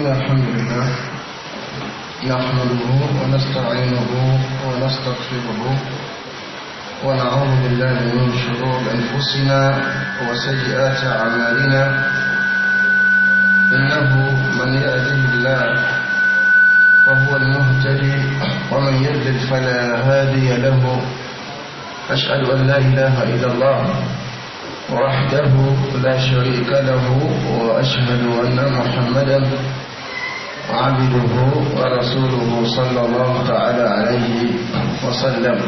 إن الحمد لله نحمده ونستعينه ونستغفره ونعوذ بالله من شرور أنفسنا وسيئات أعمالنا إنه من يأتيه الله فهو المهتدي ومن يضلل فلا هادي له أشهد أن لا إله إلا الله وحده لا شريك له وأشهد أن محمدا عبده ورسوله صلى الله تعالى عليه وسلم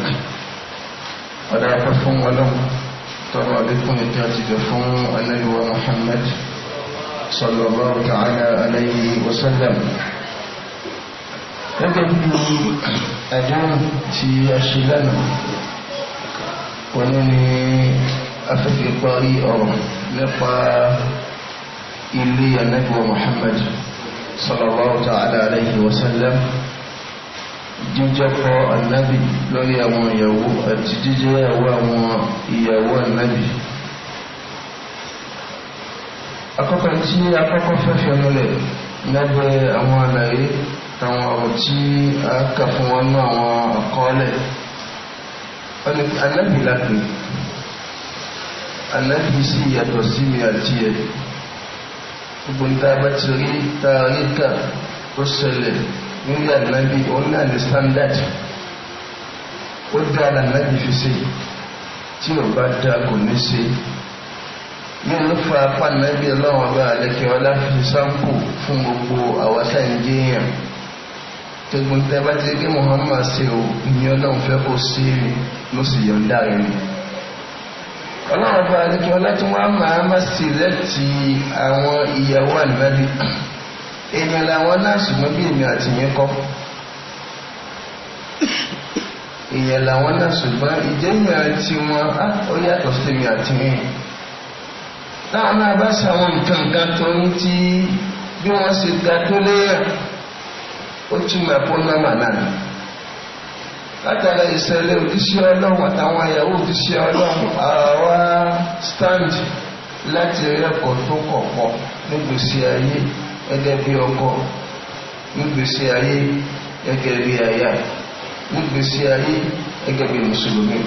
ولا كفهم ولم ترى بكم الكاتب فهم النبي محمد صلى الله تعالى عليه وسلم لكن bí ẹ̀dán ti aṣílẹ́nà wọ́n ni afẹ́fẹ́ parí ọ̀rọ̀ محمد sallallahu ta'ala alayhi wa sallam jíjẹ́ kọ́ ànábì lórí àwọn ìyàwó àti jíjẹ́ ìyàwó àwọn ìyàwó ànábì akọ́kọ́ tí akọ́kọ́ fẹ́fẹ́ múlẹ̀ lẹ́gbẹ̀ẹ́ àwọn àlàyé àwọn ọ̀rọ̀ tí a kà fún wọn ní àwọn àkọọ́lẹ̀ ànábì lápè ànábì mi àti ẹ̀ gbogbo ní tàbá ti rí tààrí kà tó ṣẹlẹ̀ nílé ànábì òun náà ní standard ó dá ànábì fi ṣe tí ò bá dá kò ní ṣe ní ló fa apá ànábì ọlọ́run ọba àlẹ́kẹ́ ọlá fi sáǹpù fún gbogbo àwọ̀tá ìjẹyàn gbogbo ní tàbá ti rí Muhammad se o ní ọlọ́run fẹ́ kó ṣe é ló sì yọ̀ǹda rẹ̀ ni ọlọ́run bá ní kí ọlá tí wọ́n máa má sí lẹ́tì àwọn ìyàwó àlùbábí èèyàn làwọn náà ṣùgbọ́n bí èmi àti yẹn kọ́ èèyàn làwọn náà ṣùgbọ́n ìjẹ́mi àti wọn á ó yàtọ̀ sí èmi àti yẹn táwọn náà bá ṣàwọn nǹkan kan tó ń tí bí wọ́n ṣe ga tó léyà ó túmọ̀ ẹ̀kọ́ náà látara ìṣẹ̀lẹ̀ òjíṣẹ́ ọlọ́run àtàwọn àyàwó òjíṣẹ́ ọlọ́run àwa stand láti rẹ́pọ̀ tó kọ̀ọ̀kọ̀ nígbèsí ayé gẹ́gẹ́ bí ọkọ nígbèsí ayé gẹ́gẹ́ bí aya nígbèsí ayé gẹ́gẹ́ bí mùsùlùmí.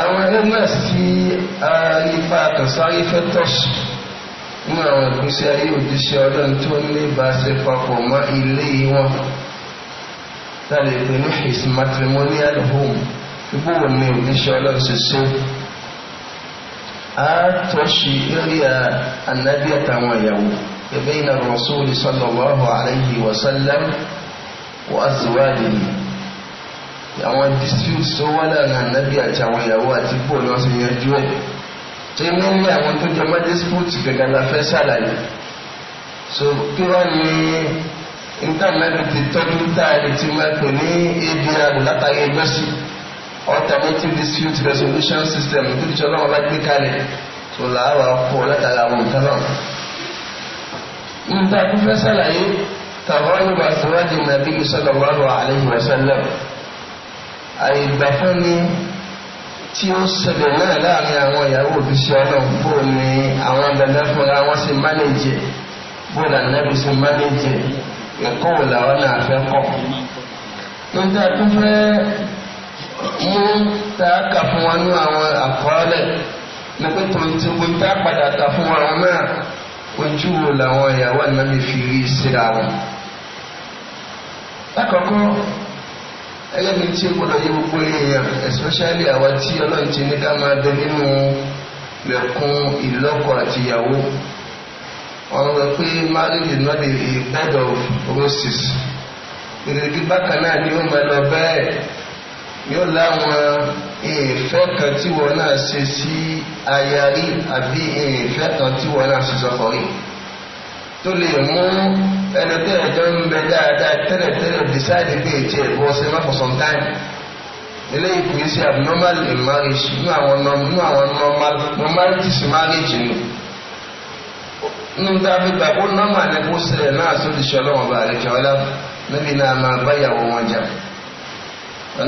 àwọn ms tí ipa kànsáré fẹ́ tọ̀sù nínú àwọn ìgbésí ayé òjíṣẹ́ ọlọ́run tó ní ìbáṣepọ̀ pọ̀ mọ́ ilé wọn náà lè pè ní his matrimonial home ibùwò ni òjíṣẹ́ ọlọ́run ṣe ṣe àtọ́ṣe area anabi àtàwọn ìyàwó ẹgbẹ́ iná rọ̀ṣọ́lì sallallahu alayhi wa sallam wa azwajihi àwọn dispute tó wá láàrin anabi àti àwọn ìyàwó àti bò ni wọ́n ti yanjú ẹ̀ tí mo ní àwọn tó jẹ mọ́ dispute gẹ́gẹ́ la fẹ́ ṣàlàyé so kí wọ́n ní níta mẹ́rin ti tọ́jú níta ìrètí mẹ́rin ní adr látàrí gbẹ́sù automatic dispute resolution system tó ti sọ́nà ọba gbé kalẹ̀ tó làárọ̀ ọkọ̀ látàrí àwọn nǹkan náà. níta tó fẹ́ sàlàyé tàwọn ìwà síwájú nàbí sallallahu alaihi wasallam àìgbàfẹ́ ni tí ó ṣẹlẹ̀ náà láàrin àwọn ìyàwó òbíṣẹ́ ọlọ́run bó ni àwọn dandan fúnra wọn ṣe mánéjì bó ni ànábì ṣe mánéjì nǹkan wò làwọn náà fẹ́ kọ́ tó ń tẹ́ tó fẹ́ mú tá a kà fún wa ní àwọn àkọọ́lẹ̀ ní pé tó ń ti wo tá a padà kà fún wa náà ojú wo làwọn ìyàwó ànámi fi rí síra wọn. lákọ̀ọ́kọ́ ẹgbẹ́ mi tí gbọ́dọ̀ yé gbogbo èèyàn especially àwa tí ọlọ́run ti ní ká máa dẹ nínú lẹ̀kùn ìlọ́kọ àti ìyàwó wọn rẹ pé marriage is not a bed of roses ìrètí bákan náà ni ó máa lọ bẹ́ẹ̀ yóò láwọn ìfẹ́ kan tí wọn náà ṣe sí aya rí àbí ìfẹ́ kan tí wọn náà ṣe sọ́kọ rí tó lè mú ẹni tó ẹjọ́ ń bẹ dáadáa tẹ́lẹ̀tẹ́lẹ̀ decide pé ètí ẹ̀kọ́ ṣe má for some time eléyìí kò ní sí abnormal in marriage nínú àwọn normal normalities marriage nù. No nínú tá a fi gbà kó nọ́mà ní kó sílẹ̀ náà sódì ṣe ọlọ́wọ́n bá rẹ̀ kíọ́lá níbi náà máa báyàwó wọn jà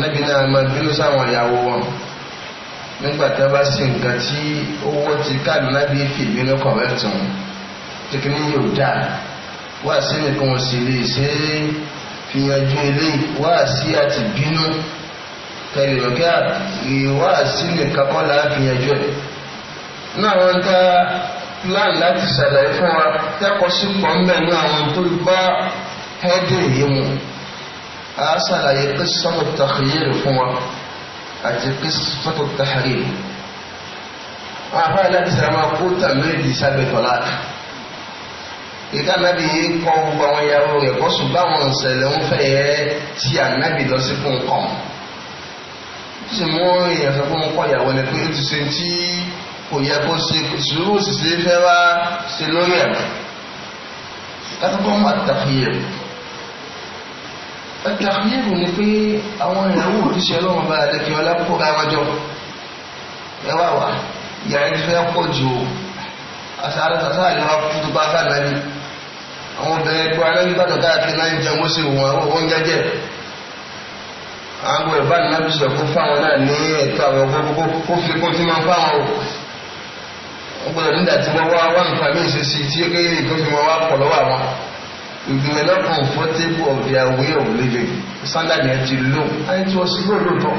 níbi náà máa bínú sáwọn ìyàwó wọn nígbà tá a bá sí nǹkan tí owó ti káàdì nábì fìbínú kọ̀rẹ́tì wọn kékeré yóò dà wá sí nìkan wọn sì lè ṣe é fìyànjú ilé wá sí àti bínú tẹlifíà kí a sí nìkan kọ́ la fìyànjú ẹ̀ náà wọn ká plan láti ṣàlàyé fún wa kẹ́kọ̀ọ́ sí pọ̀ ńbẹ̀ ní àwọn tó bá hẹ́dẹ̀ yìí mu a ṣàlàyé kí sọ́mù tàkìyèrè fún wa àti kí sọ́tò tàhárì wọn àfáà láti sàrà máa kó tàmílì sábẹ́ tọ́lá ìka nàbì yìí kọ́ gbogbo àwọn ìyàwó rẹ̀ kó sùn báwọn ìṣẹ̀lẹ̀ ń fẹ́ yẹ ti ànábì lọ sí fún nǹkan ó sì mú èèyàn fún kọ́ ìyàwó rẹ̀ pé ó ti ṣe ti kò yẹ kó ṣe sùúrù ṣiṣẹ fẹ́ wá ṣe lórí ẹ kátàkó ń wà tàkìyèrè tàkìyèrè ni pé àwọn ìyàwó òjíṣẹ́ Ọlọ́run bá adé kí ọlá kó ká wájọ ẹ wá wá yàrá ti fẹ́ pọ̀ jù o àṣàrà sàṣà àlewà kú tó bá ká nàní àwọn obìnrin gbọ́ alẹ́gbàdàn káàkiri náà ń jẹun ó sì wọ́n wọ́n jẹ́jẹ́ àwọn ìbánilẹ́bí sọ̀kún fáwọn náà ní ẹ̀tọ́ àwọn kókó kó fi kó tí máa ń fáwọn o ó gbọ́dọ̀ nígbà tí wọ́n wá wá nǹkan mí ṣe sí tí ó nǹkan fi wọn wá pọ̀ lọ́wọ́ àwọn you develop comfortable of their way of living standard yẹn ti low and it was low lóòótọ́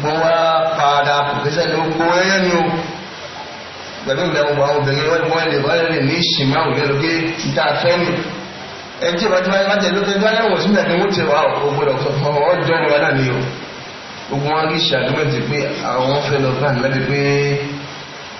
gbọ́n wá padà pèsè ní gbogbo ẹyẹ ni o pẹ̀lú ìdáhùn àwọn obìnrin wọn wọn lè wọn lè ní ìṣìmá òye lóge níta fẹ́mi ẹ tí ìbájú máa ń jẹ lóge níta lẹ́wọ̀n sílẹ̀ ni wọ́n ti wá o gbọ́dọ̀ sọ fún ọ ọjọ́ ìwádà ni o gbogbo wọn rí ṣàdúgbò ti pé àwọn fẹ́ lọ bá nílẹ̀ pé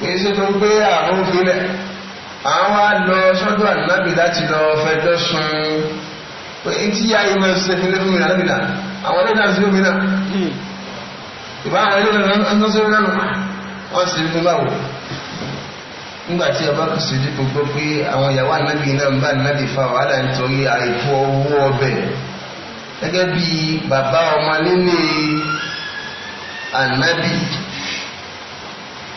kìí ṣe tó ń gbé àwọn òfilẹ̀ àwọn á lọ sọ́dọ̀ ànábì láti lọ fẹjọ́ sun pé n tí yá ìmọ̀ ṣe fi lẹ́fún mi ànábì náà àwọn ẹlẹ́dàá sí omi náà ìbá àwọn ẹlẹ́dàá ń sọ omi náà wọ́n sì fún báwo nígbà tí ọba kò sí dípò gbọ́ pé àwọn ìyàwó ànábì náà ń bá ànábì fa wàhálà nítorí àìkú owó ọbẹ̀ gẹ́gẹ́ bí bàbá ọmọ nílé ànábì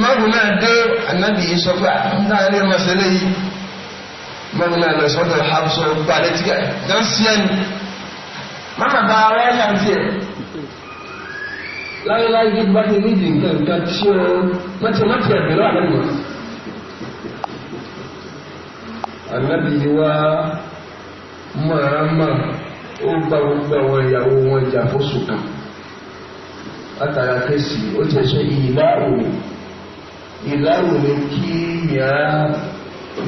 mọ́gùn náà dé ànábì yìí sọ pé ah, náà ní ọmọ ìṣẹ̀lẹ̀ yìí mọ́gùn náà lọ sọ́dọ̀ Hafsa gba létí ẹ̀ dán ara ẹ̀ bí bá ti nídìí nǹkan tí ó gba gbogbo àwọn ìyàwó wọn jà látara ó ìlàwòye kí ìyá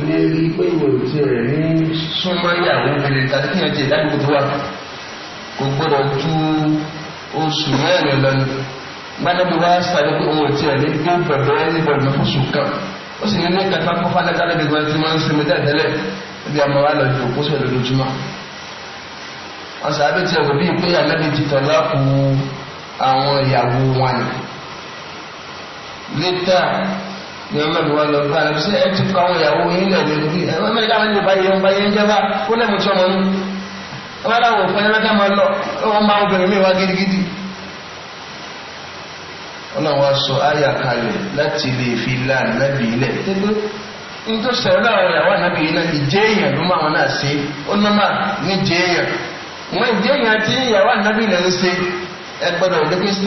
lè rí pé ìwò ìtì rẹ̀ ní súnmọ́ ìyàwó obìnrin tàbí kí ìyànjẹ ìdádùkú tó wà kò gbọ́dọ̀ ju oṣù mẹ́rin lọ gbádùn wá sáré pé òun ìtì rẹ̀ ní gbé bẹ̀rẹ̀ ní bẹ̀rẹ̀ fóṣù kan ó sì ní ní kàtà kọ́fà lẹ́kàlẹ́ gbẹ̀gbẹ̀ tí wọ́n ń sinmi tẹ́tẹ́lẹ̀ bí a máa wá lọ ìfòkó sí ọ̀dọ̀ lójúmọ́ wọn sàbẹ̀ tí ẹ̀wọ̀ bíi pé ànábì ti tọ̀ lákùú àwọn ìyàwó wọn ni lẹ́tà ni wọn mẹ́rin wọn lọ bá ẹ ṣe ẹ ti fa àwọn ìyàwó yín lẹ̀ lórí bí ẹ mẹ́rin káwọn ní báyìí ń báyìí ń jẹ́ bá kó lẹ́mu tí ọmọ nù ẹ bá dáwọ̀ fún ẹlẹ́kẹ́ máa lọ ẹ wọ́n máa obìnrin so wá gidigidi. ọlọ́run wa sọ àyà kalẹ̀ láti lè fi la nàbì ilẹ̀ tẹ́gbẹ́ nítorí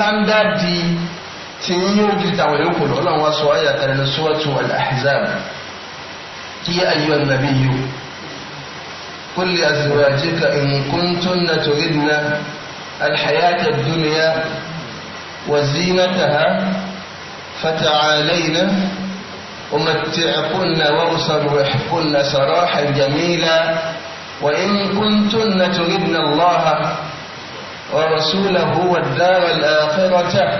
sọ̀rọ̀ na tí yóò gidi àwọn yòókù lọ ọlọ́run wá sọ قل لأزواجك إن كنتن تردن الحياة الدنيا وزينتها فتعالين أمتعكن وأسرحكن سراحا جميلا وإن كنتن تردن الله ورسوله والدار الآخرة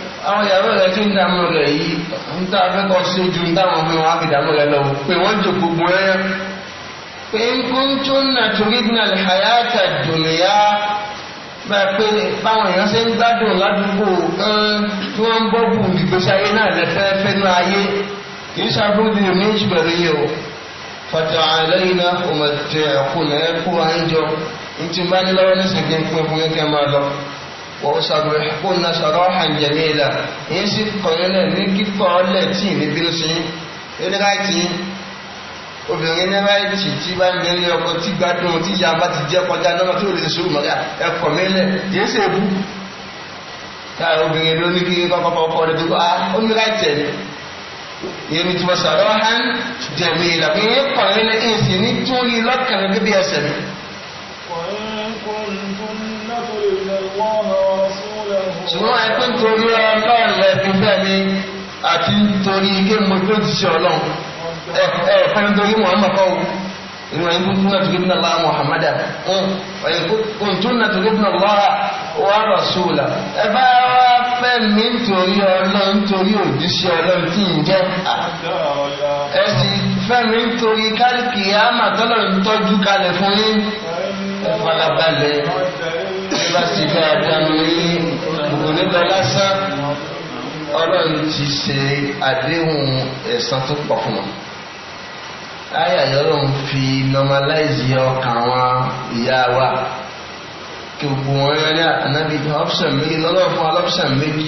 àwọn ìyàwó rẹ̀ tí ń dààmú rẹ̀ yìí ń tá afẹ́kọ̀ ṣe ju ń táwọn ọmọ wa fi dààmú rẹ̀ lọ pé wọ́n jò gbogbo ẹ̀ pé ń kún tó ń nà torí náà lè hayáta dùnìyà bẹ́ẹ̀ pé báwọn èèyàn ṣe ń gbádùn ládùúgbò tí wọ́n ń bọ́ bù ìgbésí ayé náà lẹ́fẹ́ fẹ́nu ayé kì í ní yìí o fàtàlẹ́yìnà ọmọ tẹ̀ ọkùnrin ẹ̀kú àyíjọ وأسرحكن سراحا جميلا إن سيكون ní kíkọ́ ọlẹ̀ tí ní bínú sí oníráìtì obìnrin ní ráìtì tí bá ń bẹ ní ọkọ tí gbádùn tí ìyá bá ti jẹ́ kọjá náà tí ò lè sùúrù mọ́gà ẹ̀kọ́ mílẹ̀ yéé ṣe bú táà obìnrin ló ní kí kọ́kọ́kọ́ rẹ̀ tó bá ó ní ráìtì ẹ̀ yẹmi tí wọ́n sọ̀rọ̀ hàn jẹ̀mí ìlàbí kọ̀rin ní ìsìn nítorí lọ́kàn gẹ́gẹ́ ẹsẹ̀ mi. kọ̀rin kọ̀rin ṣùgbọ́n ẹ pé nítorí ọlọ́run lẹ fi fẹ́ mi àti nítorí ike mo tó ti ṣe ọlọ́run ẹ ẹ fẹ́ nítorí Muhammad kọ́ wò ìwọ̀n yìí kúntùnà tó gébìnà Allah Muhammad kúntùnà tó gébìnà Allah wa Rasula ẹ bá wá fẹ́ mi nítorí ọlọ́run nítorí òjíṣẹ́ ọlọ́run tí ń jẹ́ ẹ sì fẹ́ mi nítorí kálíkì àmàtọ́lọ́run tọ́jú kalẹ̀ fún yín ẹ farabalẹ̀ bá ti dáadáa ní òníbẹ̀ lásán ọlọ́run ti ṣe àdéhùn ẹ̀san tó pọ̀ fún wọn. Aya yọrọ ń fi normalize ọkàn wọn ìyá wa kí gbogbo wọn yọ ní ànábi option méjì lọ́dọ̀ fún wa option méjì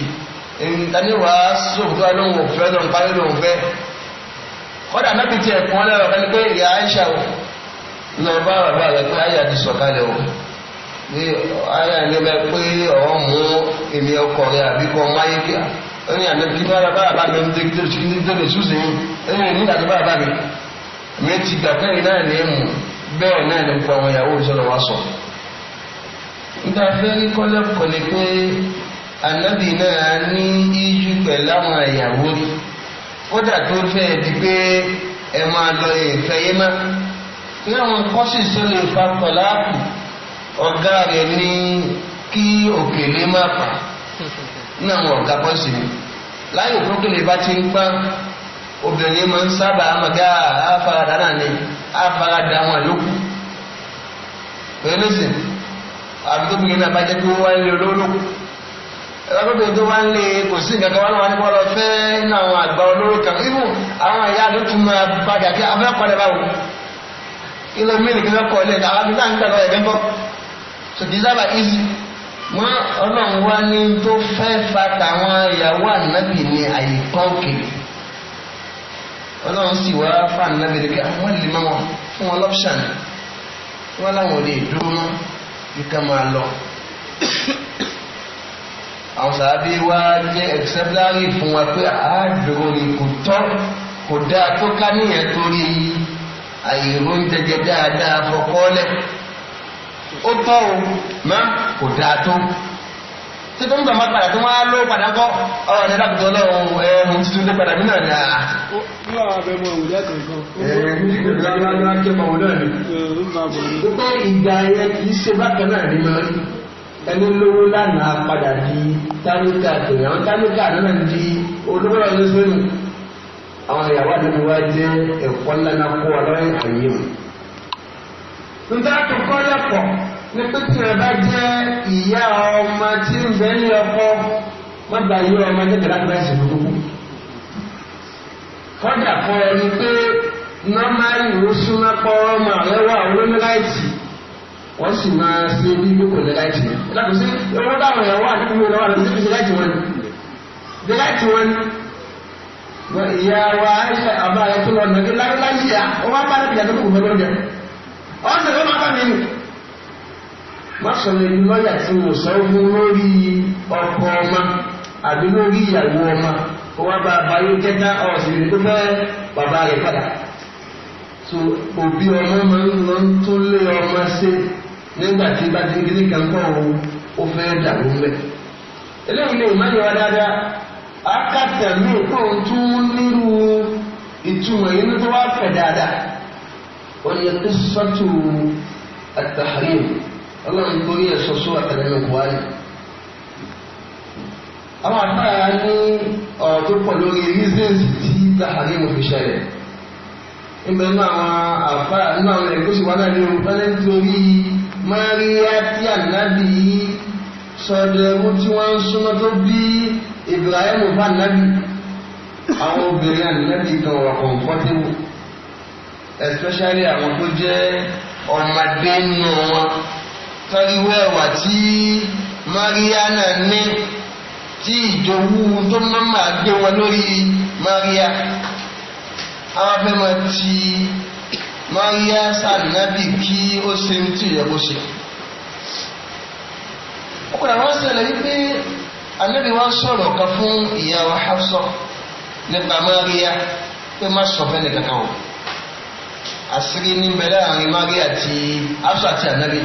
ìdáníwá sọ̀tọ́ lóhùn òfẹ́ lọ́n parí lóhùn fẹ́ kọ́dà nábì tiẹ̀ kún ọ́ lẹ́rọ̀ kan pé ìyá Aisha lọ bá bàbá rẹ̀ pé aya ti sọ̀kalẹ̀ o ní ayé àníbẹ̀ pé ọ̀hún mú èmi ọkọ̀ rẹ̀ àbí kọ́ máyé kí ó ní àníbẹ̀ kí bára bára bá mi ń tẹ́kítẹ́ sí ní tẹ́lẹ̀ súnṣe yín ó ní nígbà tó bára bá mi mi ti gbà kẹ́yìn náà ní mú bẹ́ẹ̀ náà ní pa àwọn ìyàwó ìṣọ́nà wa sọ. nígbà fẹ́ rí kọ́lẹ́kọ̀ọ́ ni pé ànábì náà ní ijú pẹ̀lú àwọn ìyàwó rí kódà tó fẹ́ di pé ẹ máa lọ ìfẹ́ yé má. ní àwọn kọ́sì sọ́lẹ̀ ìfapọ̀ láàpù ọ̀gá rẹ̀ ní kí òkèlè má pa náà wọn ọ̀gá pọ̀ sí láyé òkúrúkèlè bá ti ń pọ́n obìnrin máa ń sábà àfaradà ah, náà ni àfaradà wọn lókù pẹ̀lú sí àbíkóbìnrin náà bá jẹ́ pé wá lé tó wá ń kò sí nǹkan kan wá àwọn àgbà olóró kan àwọn ló tún máa padà kí báwo kí mí so kì í sábà easy wọn ọlọ́run wá ní tó fẹ́ fa tàwọn ìyàwó ànábì ní àyè kọ́ọ̀kiri ọlọ́run sì wá fa ànábì rẹ̀ kí àwọn ah, lè má wọn fún wọn lọ́pṣàn wọn láwọn ò lè dúró mọ́ kíkà máa lọ àwọn sàábí wá jẹ́ exemplary fún wa pé ah, àádùrò ni kò tọ́ kò dáa tó ká níyẹn torí àyè oúnjẹ jẹ dáadáa fọkọ́lẹ̀ ó tọ́ o mọ́ kò dáa tó títún gbà má padà tó wá ló padà kọ́ ọ̀rọ̀ ní dákùtọ̀ lọ́wọ́ ẹ̀rùn tuntun ló padà nínú ẹ̀dá. wọ́n á bẹ mọ òwúlẹ̀ kankan. ẹ̀rùn ìgbà ńlá ńlá kẹ́ mọ òwúlẹ̀ ni. wípé ìgbà yẹn kì í ṣe bákan náà ní máa ń ẹni lówó lánàá padà di táníkà tèèyàn àwọn táníkà náà di olówó ọdún sínú. àwọn ìyàwó àdúgbò wa jẹ́ ẹ̀kọ́ ńlá náà kó ọlọ́rin àyè mu. nígbà tó kọ́ yàtọ̀ ní pé tí rẹ̀ bá jẹ́ ìyá ọmọ tí ń bẹ ní ọkọ wọ́n gba ìyá ọmọ jẹ́ kẹ̀lákùnrin ẹ̀sìn tó kú kọ́dà kan ẹni pé nọ́màlì ló súnmọ́ pọ́ ọmọ rẹ̀ wà olómi láìtì wọ́n sì máa ṣe bí gbogbo ní láìtì náà láti sí owó táwọn èèyàn wà nínú ìlú wà lórí ìdí láìtì wọn ní láìtì wọn ìyá wa ṣe àbá rẹ̀ tó lọ nàgbé láyé láyé yá ó wá bá níbi ìyá tó kù mọ́ lọ́dẹ ọ̀sẹ̀ ló máa bá mi nù mọ́sọ̀lẹ̀ ní lọ́yà tí mo sọ fún lórí ọkọ ọmọ àbí lórí ìyàwó ọmọ ó wá bá abayé kẹta ọ̀sìn tó fẹ́ bàbá rẹ̀ padà so òbí ọmọ máa ń lọ tó lé ọmọ ṣe nígbà tí bá ti gbé nìkan kọ́ ọ ó fẹ́ dàrú mẹ́ eléyìí lè má dáadáa mi tún nírú ìtumọ̀ yìí tó wá fẹ̀ dáadáa ó ọlọ́run torí ẹ̀ sọ sóra tẹ̀lé ní buhari. àwọn àtàrà ní ọ̀rọ̀ tó pọ̀ lórí reasons tí tahari mo fi ṣẹlẹ̀ níbẹ̀ náà àwọn àfáà nínú àwọn ẹ̀kọ́ sì wá náà ní orúkọ lẹ́yìn torí mẹ́rìíyá tí ànábì sọdẹ̀mú tí wọ́n ń súnmọ́ tó bí Ibrahim bá ànábì àwọn obìnrin ànábì kan wà kọ̀ǹfọ́tébù especially àwọn tó jẹ́ ọmọdé nù wọn tọ́ríwó ẹ̀wà tí Maria náà ní tí ìjòwú tó nọ́mà gbé wọn lórí Maria àwọn fẹ́ mọ ti Maria sànàbì kí ó ṣe ń tí ìyẹ́kó ṣe. ó padà wá ṣẹlẹ̀ wípé Ànábì wa sọ̀rọ̀ kan fún ìyá wa Hafsa nípa Maria pé má sọ fẹ́ nìkan kan o àṣírí ní bẹ̀rẹ̀ àárín Maria àti Hafsa àti Ànábì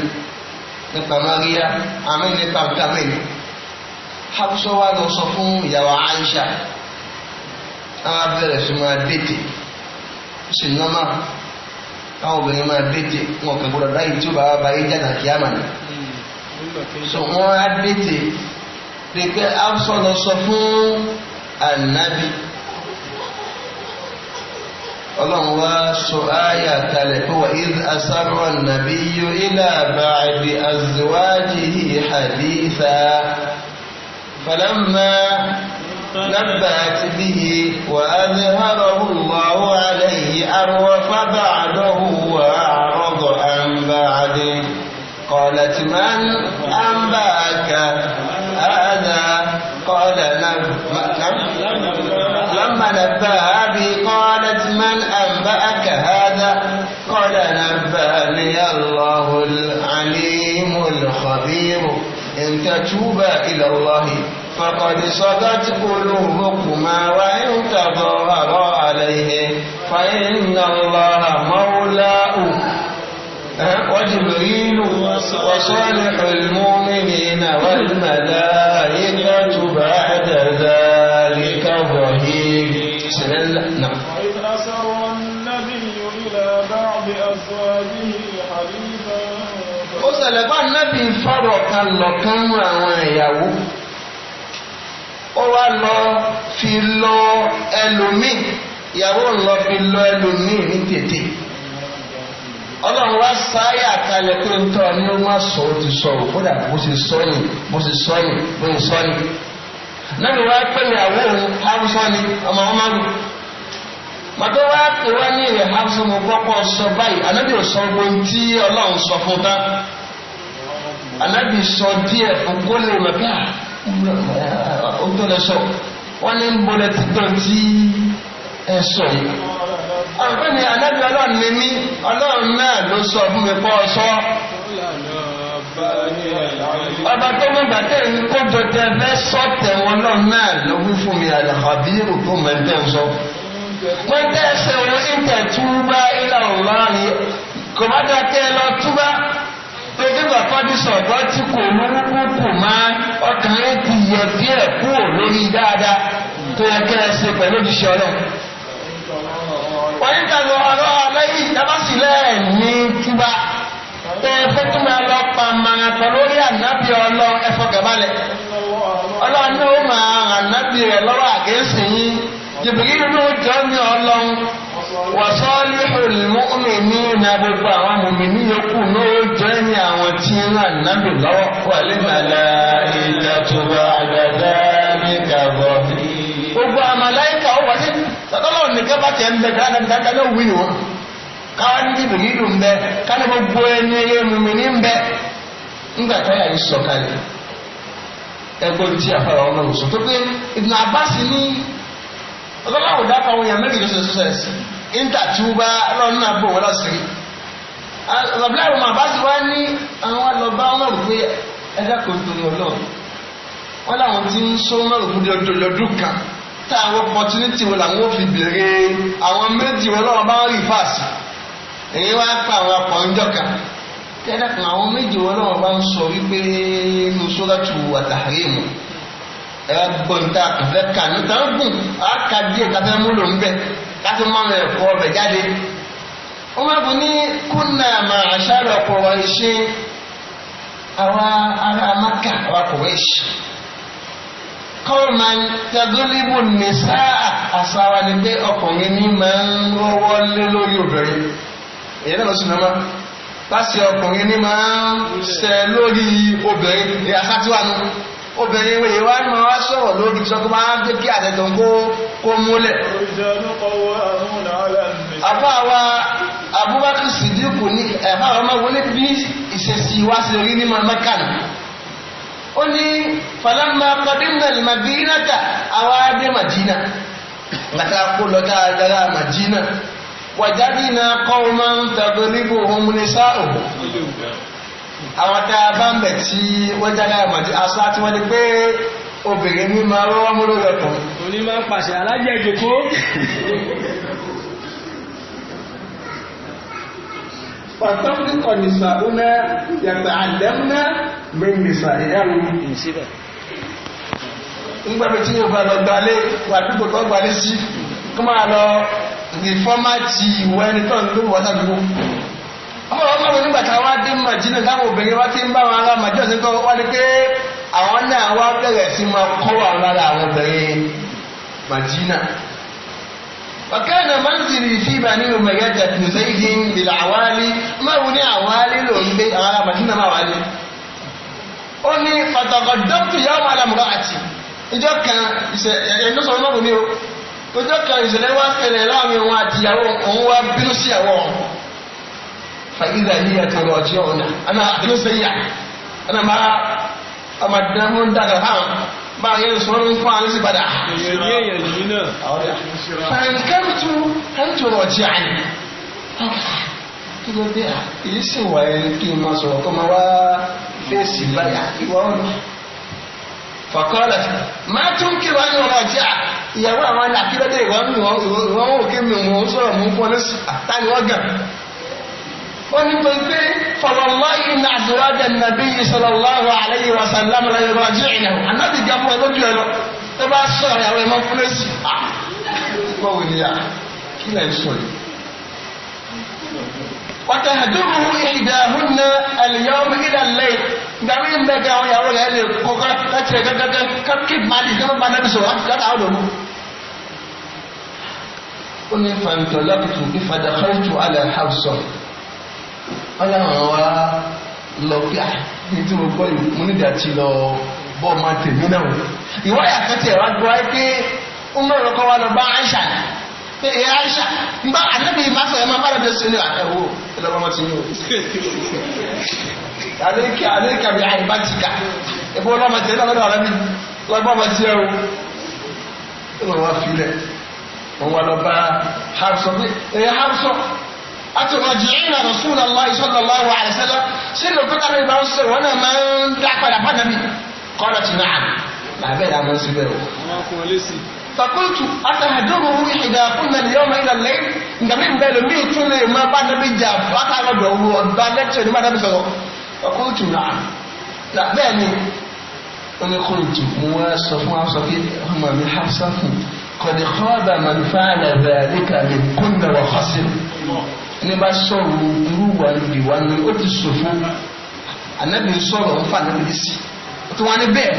nípa Maria àmín nípa abdulhamid Hafsa wa lọ sọ fún ìyàwó Aisha àwọn abẹ́rẹ́ sí máa dètè ó sì nọ́mà káwọn obìnrin máa dètè wọn kàn gbọdọ̀ báyìí tí ó bá wà báyìí jàdà kí á mà wọn á dètè pé pé lọ sọ fún ànábì. اللهم وسؤايا تلك وإذ أسر النبي إلى بعد أزواجه حديثا فلما نبأت به وأظهره الله عليه أروف بعده وأعرض عن بعده قالت من أنبأك هذا قال لما نبأ به قال من أنبأك هذا قال نبأني الله العليم الخبير إن تتوبا إلى الله فقد صدت قلوبكما وإن تظاهرا عليه فإن الله مولاه وجبريل وصالح المؤمنين والملائكة بعد ذلك ظهير نعم ṣẹlẹ̀ bá nábì ń fọ̀rọ̀ kan lọ̀kan mú àwọn ìyàwó ó wá lọ fi lọ ẹlòmíì ìyàwó ń lọ fi lọ ẹlòmíì ní tètè ọlọ́run wá sáyà kalẹ̀ pé ń tọ́ ni ó má sọ ó ti sọ òkú dà bó ṣe sọ ni bó ṣe sọ ni bó ṣe sọ ni nábì wá pé ìyàwó òun hausa ni ọmọ ọmọ mi màtó wá pè wá ní ìrẹ̀ hausa sọ báyìí ànábì sọ gbogbo tí ọlọ́run sọ fún tán anabi sọ díẹ̀ fún kó lè mọ̀ pé ó tó lẹ sọ wọ́n ní bọ́lẹ̀ ti dán tí ẹ sọ yìí. àwọn ni anabi ọlọ́run ní mí ọlọ́run náà ló sọ fún mi pọ́ sọ. ọba tó mú bàtẹ́ ń kójọ tẹ fẹ́ sọ tẹ̀wọ́n náà náà ló wí fún mi àlàkàbírù tó mọ̀ ń tẹ̀ sọ. wọ́n tẹ́ ẹsẹ̀ wọn ń tẹ̀ túbá ìlà ọ̀la yìí kò bá dá tẹ́ lọ túbá. tẹ́gbẹ́gbà fádìsọ̀ bá tí kò lórúkú kò máa ọkùnrin ti yẹ díẹ̀ kúrò lórí dáadáa tó yẹ kẹ́ ẹ ṣe pẹ̀lú òjíṣẹ́ ọlọ́run. wọ́n ọ̀rọ̀ aláyí tábàsílẹ̀ ní túbá tó máa lọ pa lórí ànábì ọlọ́ ẹ̀fọ́ gàbálẹ̀. ọlọ́run ní ó máa ànábì rẹ̀ lọ́rọ̀ àgẹ́sìn yín jìbìrì inú jọ́ wàsọ́líhùn mọ́mìnì na gbogbo àwọn mọ̀mìnì yòókù náà jẹ́ ní àwọn tí ń rà nábì lọ́wọ́. wàlẹ́ màlá ìjà tó bá àgbàdá ní kàbọ̀. gbogbo àmàláìkà ó wà sí sọtọ́lọ́ nìkan bá tiẹ̀ ń bẹ dáadáa dáadáa ló mbe ọmọ tó pé ìdùnnà àbá nígbà tí wọ́n bá lọ́nà náà bò wọ́n lọ́sẹ̀rí ọ̀bílẹ̀ àwọn màbá sì wá ní àwọn alọ́bá wọn rò pé ẹ̀dá kò ń torí ọlọ́run wọn làwọn ti ń sọ wọn rò pé lọ́dún kan tá àwọn opportunity wọn làwọn ò fi béèrè àwọn méjì wọn lọ́wọ́ bá wọn rí fàásì èyí wá pa àwọn akọ̀ọ́njọ́ kan ẹ̀dá kan àwọn méjì wọn lọ́wọ́ bá ń sọ wípé inú sọ́dọ̀ tù àtàrí mu ẹ̀rọ gbọ̀ntà àfẹ́ kà ní tàǹgùn àkàdé kàtàmúlò ń bẹ́ẹ̀ láti mánu ẹ̀kọ́ ọbẹ̀ jáde wọ́n máa bù ní kúnnà máa ṣáàrọ̀ ọ̀pọ̀wọ̀ ìṣe àwa ará Maka àwa Kùwẹ́ṣì kọ́ọ̀mán tẹ́gọ́líbù ní sáà àsára ni pé ọkùnrin ní máa ń rọwọ́ lé lórí obìnrin èyí náà ló sì máa láti ọkùnrin ní máa ń ṣẹ lórí obìnrin ní asátíwánu obìnrin wòye wá ní máa wá sọ̀rọ̀ lórí tí wọ́n máa ń gbé kí àtẹ̀tọ̀ ń kó kó múlẹ̀. àfáàwá Abubakar Sidiku ní àfáàwá máa wọlé bí ìṣesí wa ṣe rí ní mamaka ni ó ní falamma qadimna al-madinata àwa dé Madina bàtà kó lọ tá a dára Madina wàjábìnà qawman tadribuhum nisa'uhum àwọn tá a bá ń bẹ̀ tí wọ́n jáde àmàdí aṣọ àti wọ́n ní pé obìnrin ní máa rọ́wọ́ mú lórí ọkùn òní máa pàṣẹ alájẹ́ ìjòkó pàtàkì kọ̀nìsà ọ̀nà yàtọ̀ àdẹ́mùnà mẹ́rìnìsà ìyàwó ìsílẹ̀ nígbàgbé tí yóò bá lọ gbalé wà dúgbò tó gbalé sí kó máa lọ rìfọ́mátì ìwọ ẹni tó ń wọ́n ọmọ ọmọ nígbà táwọn adé táwọn obìnrin wá ti ń bá wọn ará pé àwọn náà wá bẹ̀rẹ̀ sí máa kọ́ wà lára àwọn obìnrin Madina. Bàkẹ́ẹ̀nà máa ń sìrì sí ìbàní òmẹ̀rẹ́ tẹ̀tù sẹ́yìn ìlà àwáálí márùn ní àwáálí ló ń gbé àwọn ará Madina máa wálé. Ó ní pàtàkì dọ́kítù yá máa làmúrọ̀ àti ìjọ kan ìṣẹ̀lẹ̀ ẹ̀dọ́ sọ̀rọ̀ mọ́rùn mi o. Ìjọ kan ìṣẹ̀lẹ̀ wá ṣẹlẹ̀ láàrin òun àti ìyàwó òun wá bínú sí ìyàwó òun. yíyà tó rọ̀ ọjọ́ ọ̀nà. Àná àdúró sẹ́yà. Àná máa ọmọ dán mú dàgbà fáwọn bá a yẹ sọ wọn fún àwọn sí padà. fàǹkẹ́rù tún ẹni tó rọ̀ jí àyè kí ló dé à èyí sì wà ẹ kí n máa sọ̀rọ̀ kọ́ máa wá fèsì báyà ìwà ọ̀nà. fàkọ́lẹ̀ máa ìyàwó àwọn akílódé ìwọ́n òkè mi wọ́n sọ̀rọ̀ mú fún ọ wọ́n ní pé pé fọlọ́lá iná àdúrádẹ̀ nàbí ìṣọlọ́láhùn àlẹ́yìn wasallam lọ́yọ̀rọ̀ ajé ìnà ànábì ga fún ẹlọ́bí ẹ̀rọ tó bá ah, sọ ìyàwó ẹ̀mọ́ fúlẹ́sì wọ́n wò ní à kí lẹ́ gbàmí mẹ́ga àwọn ìyàwó rẹ̀ lè kọ́ láti rẹ̀ kí màdì kí bá nàbì sọ̀rọ̀ láti àwọn ọ̀dọ́ ó ní fàǹtọ̀ lápùtù ìfàdàkọ́ wọ́n láwọn wá lọ pé ah, ní tí mo gbọ́ mo ní ìdàtí lọ bọ́ máa tèmi náà ìwáyà kan tiẹ̀ wá gbọ́ ẹ pé ó mọ̀ lọ́kọ́ wá lọ bá Aisha pé ẹ Aisha ń bá ànábì má fẹ́ máa bá dàbí sọ́ni àtẹ̀wò ẹlọ́wọ́ máa ti yín o àlékè àlékè àbí àyè bá ti kà ẹ̀bùn ọlọ́mọ tẹ̀lé ọlọ́dọ̀ àlábì lọ́gbọ́n máa ti yẹ o ó lọ́ wá filẹ̀ wọ́n lọ bá Hafsọ àtúrọ̀jìnà rọ̀súlọ̀ lọ́wọ́ sallallahu alaihi wasallam sí ló tó dábẹ́ ìbá ń sọ̀rọ̀ wọn náà máa ń dá padà bá nàbí kọ́lọ̀ tì náà làbẹ́ ìdá máa ń sí bẹ́ẹ̀ o. فقلت أتهجره إذا قلنا اليوم إلى الليل نبي بل مي تولي ما بعد نبي جاب فقال له بعد نبي ما نبي سوى فقلت نعم لا بني أنا قلت مواصف وعصفي هما من حفصة قد خاب من فعل ذلك من كن وخسر ní bá sọ̀rọ̀ irú wà lóbi wà lóbi ó ti sòfò ànábì ń sọ̀rọ̀ ń fa ànábì sí i tí wọ́n ní bẹ́ẹ̀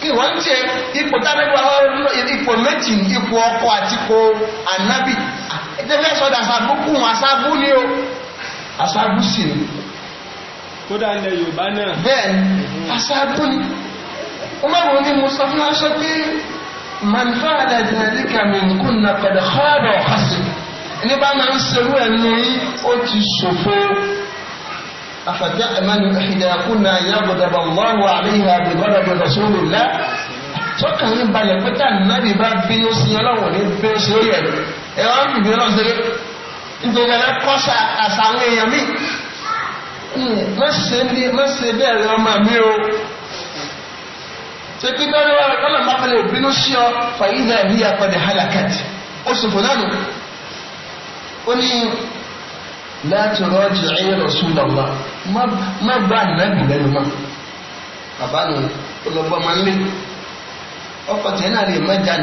kí wọ́n ń tiẹ̀ ipò tábẹ́gbà ipò méjì ipò ọkọ àti ipò ànábì ẹ̀jẹ̀ sọ̀dọ̀ àṣàbù kùn àṣàbù ni o àṣàbù sì ni. kódà ilẹ̀ Yorùbá náà. bẹ́ẹ̀ ni ni wọ́n máa wọ ní Mustapha aṣọ pé manfa àdàdàn àdìkàmì nkùnà pẹ̀lú xọ́ọ̀dọ̀ ọ̀hásìkò ní bá máa ń serú ẹni ó ti ṣòfò afàjá ẹ̀mánu ìdàkúnà yàgòdàbà lọ́wọ́ àríyá àbígbọ́dọ̀ rọ̀ṣọ́lù lá sọ́kàn yín balẹ̀ pé tá nàbì bá bínú sí ọlọ́wọ́ ní bí ó ṣe yẹ ẹ wọ́n bìbí ọlọ́sẹ̀rẹ́ nítorí ẹ kọ́sà àsàwọn èèyàn mi má ṣe bẹ́ẹ̀ rẹ ọmọ mi o ṣe kí bẹ́ẹ̀ rẹ sí ọ fàyíṣẹ́ ìyá pẹ̀lẹ́ hàlàkàtì ó ṣòfò náà ó ní látọ̀rọ̀ jù ẹ̀yẹ lọ má bá lẹ́nu mọ́ bàbá nù ọlọ́gbọ́n máa ń lé ọkọ̀ tẹ̀ náà lè máa gbọ́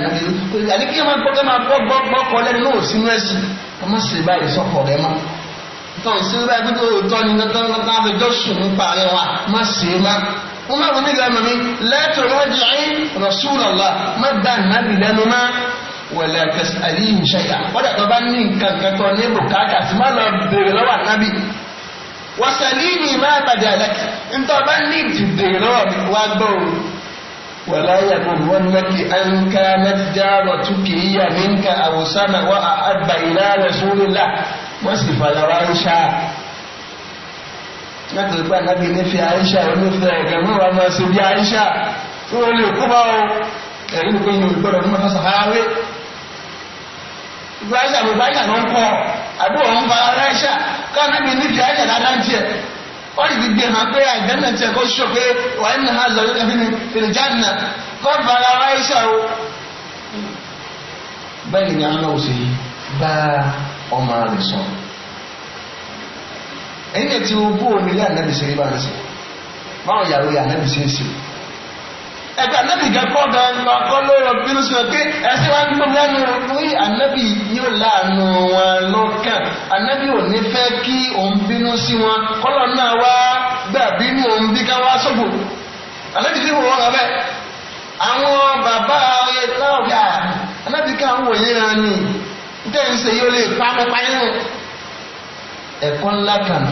máa gbọ́ gbọ́ gbọ́ kọ́ lẹ́nu náà ò sínú ẹ̀sìn sì mọ́ tọ́ báyìí pé òótọ́ ni dandan dandan àfẹjọ́ sùn wa má sì má nígbà mọ̀ mi má bá wẹ̀lẹ̀ tẹ̀sílẹ̀ yìí ṣẹ̀yà kọ́dà tó bá ní nǹkan kan tó ní bùkátà sí má lọ bèrè lọ́wọ́ ànábì wọ́sẹ̀lẹ̀ yìí má bàjẹ́ àlẹ́kì ntọ́ bá ní ìdí bèrè lọ́wọ́ mi wá gbọ́ o. wẹ̀lẹ̀ yàgò wọn lẹ́kì ẹnka mẹ́tìjárọ̀ tún kì í yà mí nǹkan àwòsàn àwọn àgbà ìlà rẹ̀ sórí là wọ́n sì fàlà wá ń ṣá. látàrí bí àyíṣà wọ́n lè kú ìgbà àṣà àbùbá àṣà ló ń kọ́ àbúrò ń bá ara àṣà káwọn ẹbí níbi àṣà dáadáa jẹ wọ́n ti gbé hàn pé àìdáná tiẹ̀ kó sọ pé wàá nà á lọ ẹbí ni fèrèjánà kọ́ bàrà ara àṣà o. bẹ́ẹ̀ ni àwọn ọ̀sẹ̀ yìí bá ọmọ rẹ̀ sọ ẹ̀yìn ẹ̀ ti bú omi lé ànábì sí ibà lọ́sẹ̀ báwọn yàrá yà ànábì sí èsì ẹgbẹ́ ànábì gẹ́kọ́ gan-an lọ kọ́ ló rọ bínú sí pé ẹ̀sìn wa ń gbọ́n lẹ́nu rí ànábì anabi ò ní fẹ́ kí òun bínú sí wọn kọ́lọ̀ náà wá gbà bínú òun bí ká wá sọ́gbò anabi ti wò wọ́n abẹ́ àwọn bàbá ẹ̀ náà yà anabi ká àwọn òye rẹ̀ ni níta ń ṣe yóò lè pa pẹ́pá yẹn ẹ̀kọ́ ńlá kan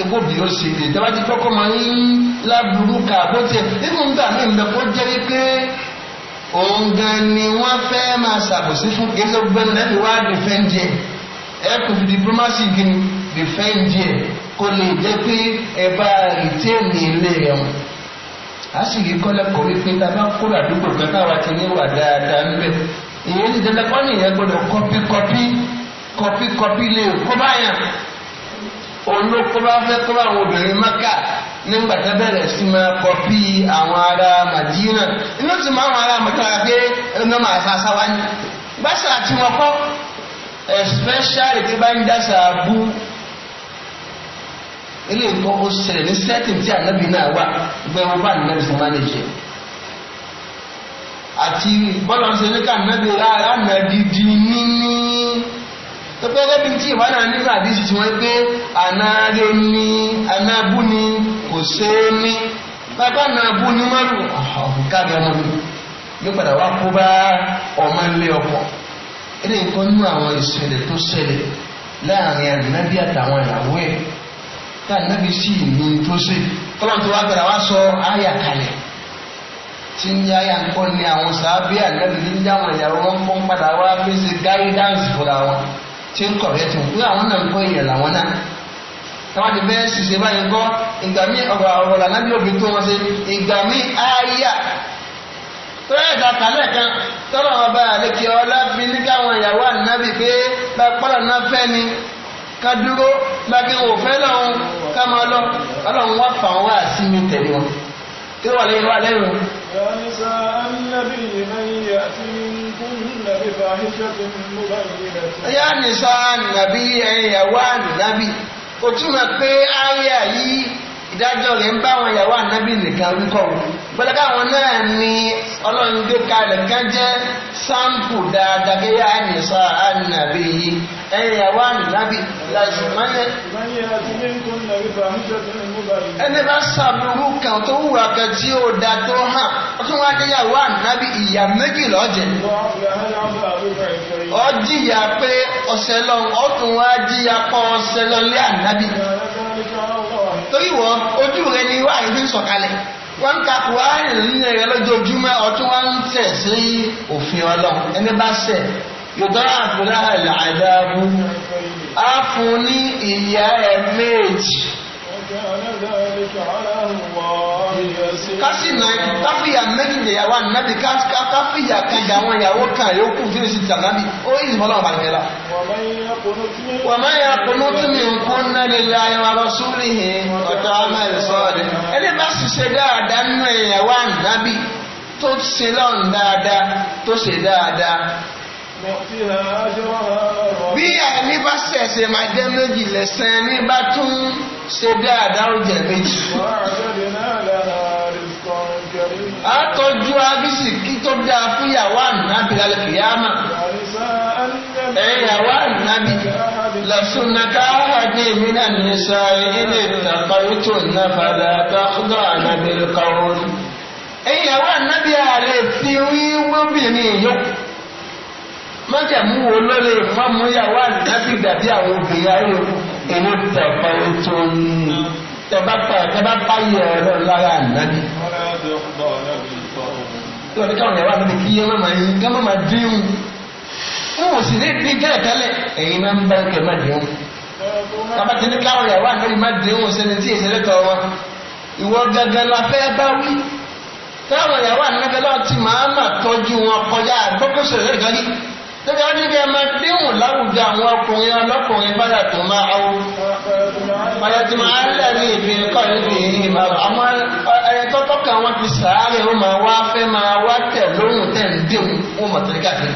epo bi o se de dabati tọkọ ma ń laburu ka bó tiẹ̀ nínú nígbà míì nbẹ kó jẹ́ wípé òun gan ni wọ́n fẹ́ máa ṣàbòsí fún kí ẹ sọ gbẹ́ni lẹ́bi wá dìfẹ́ǹdì ẹ̀. ẹ diplomasi fi diplomacy gini defend díẹ̀ kó lè jẹ́ pé ẹ bá retain ilé rẹ̀ wọn a sì rí kọ́lẹ́kọ̀ọ́ wípé a bá kúrò àdúgbò kan táwa ti ní wà dáadáa níbẹ̀ èyí ti dandan kọ́ nìyẹn gbọ́dọ̀ kọ́pí kọ́pí kọ́pí kọ́pí lè kó báyàn òun ló kó bá fẹ́ kó bá àwọn obìnrin nígbà bẹ̀rẹ̀ sí máa kọ́pí àwọn ará màdínà inú ti máa ń ará màdínà especially tí bá ń dásà bú ilé nǹkan ó ṣẹlẹ̀ ní setting tí ànábì náà wà gbẹ̀wò bá ànábì fún mánéjì àti bọ́lá ń ṣe ní kànábì lánàá dídí níní pẹpẹ gẹbi tí ìwà náà nínú àdísì tí wọn gbé anáre ní anábú ni kò ṣe é ní bàbá anábú ni wọn lù ọ̀hún káàbí ọmọ mi yóò padà wá kó bá ọmọ ilé ọkọ̀ ilé ìkan nínú àwọn ìṣẹ̀lẹ̀ tó ṣẹlẹ̀ láàrin ànábì àtàwọn ìyàwó ẹ̀ tá ànábì sì ní tó ṣe tọ́lá tó wá gbàdá wá sọ àyà kalẹ̀ tí ń yá yà ń kọ́ ni àwọn sàábí ànábì ní dáwọn ìyàwó wọn kọ́ ń padà wá fèsì gáyé dáǹsì fúnra wọn tí ń kọ̀rẹ́ tó ń pé àwọn náà ń kọ́ ìyẹ̀ làwọn náà táwọn ti fẹ́ ṣiṣẹ́ báyìí kọ́ ìgbà mí ọ̀rọ̀ ọ̀rọ̀ òbí tó wọn ṣe ìgbà mí àyà tọ́lá ìdàkàlẹ̀ kan tọ́lá padà náà fẹ́ ni ká dúró lágbé wọn ò fẹ́ lọ́hún ká máa lọ ọlọ́run wá fà wọn àti mi tẹ̀lé wọn kí ló wà lẹ́yìn wà lẹ́yìn. yànísà ànábì ẹ̀yìn àti kúnnà bíbá iṣẹ́ tó bá yẹn. yànísà ànábì ẹ̀yìn àwa ànábì kò túmọ̀ pé áyà yìí. ìdájọ́ rẹ̀ ń bá àwọn ìyàwó ànábì nìkan wíkọ́ pẹ̀lú káwọn náà ni ọlọ́run gbé kalẹ̀ kan jẹ́ sáǹpù dáadáa yìí ẹ̀yìn ìyàwó mọ́lẹ̀. ẹni bá sàbúrú kan tó tí ó da tó hàn ó tún wá dé ìyàwó ànàbì ìyà méjì lọ́jẹ̀. jìyà pé ọ̀sẹ̀ lọ́n wá jìyà pọ̀ ọ̀sẹ̀ lọ́n lé torí wọ ojú rẹ ni wà ní sọ̀kalẹ̀ wọ́n ka kùránì nínú rẹ lójoojúmọ́ ọtún wọ́n ń tẹ̀ sí òfin ọlọ́run ẹni bá ṣẹ̀ yòtọ́ àfúlá àdáàbù á fún ní ìyá ẹ̀ méjì. kasi na mẹ́tìlẹ̀ ìyàwó ànábì káfíyà ya àwọn ìyàwó kan yòókù tí ó sì ti ànábì ó yìí ní bọ́lá ọ̀bàlẹ̀ la. wà má yà kunu tí mi ń kún náà lè la ẹ̀rọ rasúlì hìn ọ̀tá mẹ́rin sọ́ọ̀dẹ̀. ẹni bá ṣiṣẹ́ dáadáa nínú ìyàwó ànábì tó ṣe lọ́n dáadáa tó ṣe dáadáa. bí àìní bá ṣẹ̀ṣẹ̀ máa jẹ́ méjì lẹ́sẹ̀ ní bá tún. ṣe dáadáa ó jẹ méjì. àtọ́jú abisi kí tó dáa fún yàwó ànábì lálẹ́ kìyàmà. ẹ̀yàwó ànábì lọ́sùnàká àdé mi náà ní sọ ilé ìtàkọ́yútò náà padà tọ́kùdọ̀ ànábì lọ́kọ́wọ́n. ẹ̀yàwó ànábì ààrẹ ti wíwọ́bìnrin yòókù májàmú wo ló fọ́ọ̀mù yàwó ànábì dàbí àwọn obìnrin ayé yòókù inú tẹ̀pẹ́ tó ń tẹ̀bá páyẹ ọlọ́run lára ànábì. lọ́wọ́ ní káwọn yàrá ànábì kí yẹn máa yín ká máa dín un wọn ò sì lè dín tẹ́lẹ̀ tẹ́lẹ̀ ẹ̀yin máa ń bá ẹ̀kẹ́ máa dín un. bàbá tí ní káwọn yàrá ànábì máa dín un sẹ́ni tí èsì lẹ́tọ̀ wọn ìwọ gangan la fẹ́ bá wí táwọn yàrá ànábì lọ́wọ́ ti máa máa tọ́jú wọn kọjá àgbọ́kọ̀sọ̀rọ̀ torí wọn ní kí ẹ máa déhùn láwùjọ àwọn ọkùnrin ọlọ́kùnrin padà tó máa awó padà tó máa lẹ̀ ní ìpín kọ́ níbi yìí máa àwọn ẹyẹ tọ́tọ́ kan ti sàárè ó máa wá fẹ́ máa wá tẹ̀ lóhùn tẹ̀ ń ó mọ̀ tẹ́lẹ̀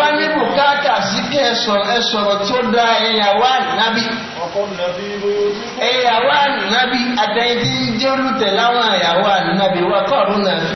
bá ní bùkátà sí kí ẹ sọ̀rọ̀ ẹ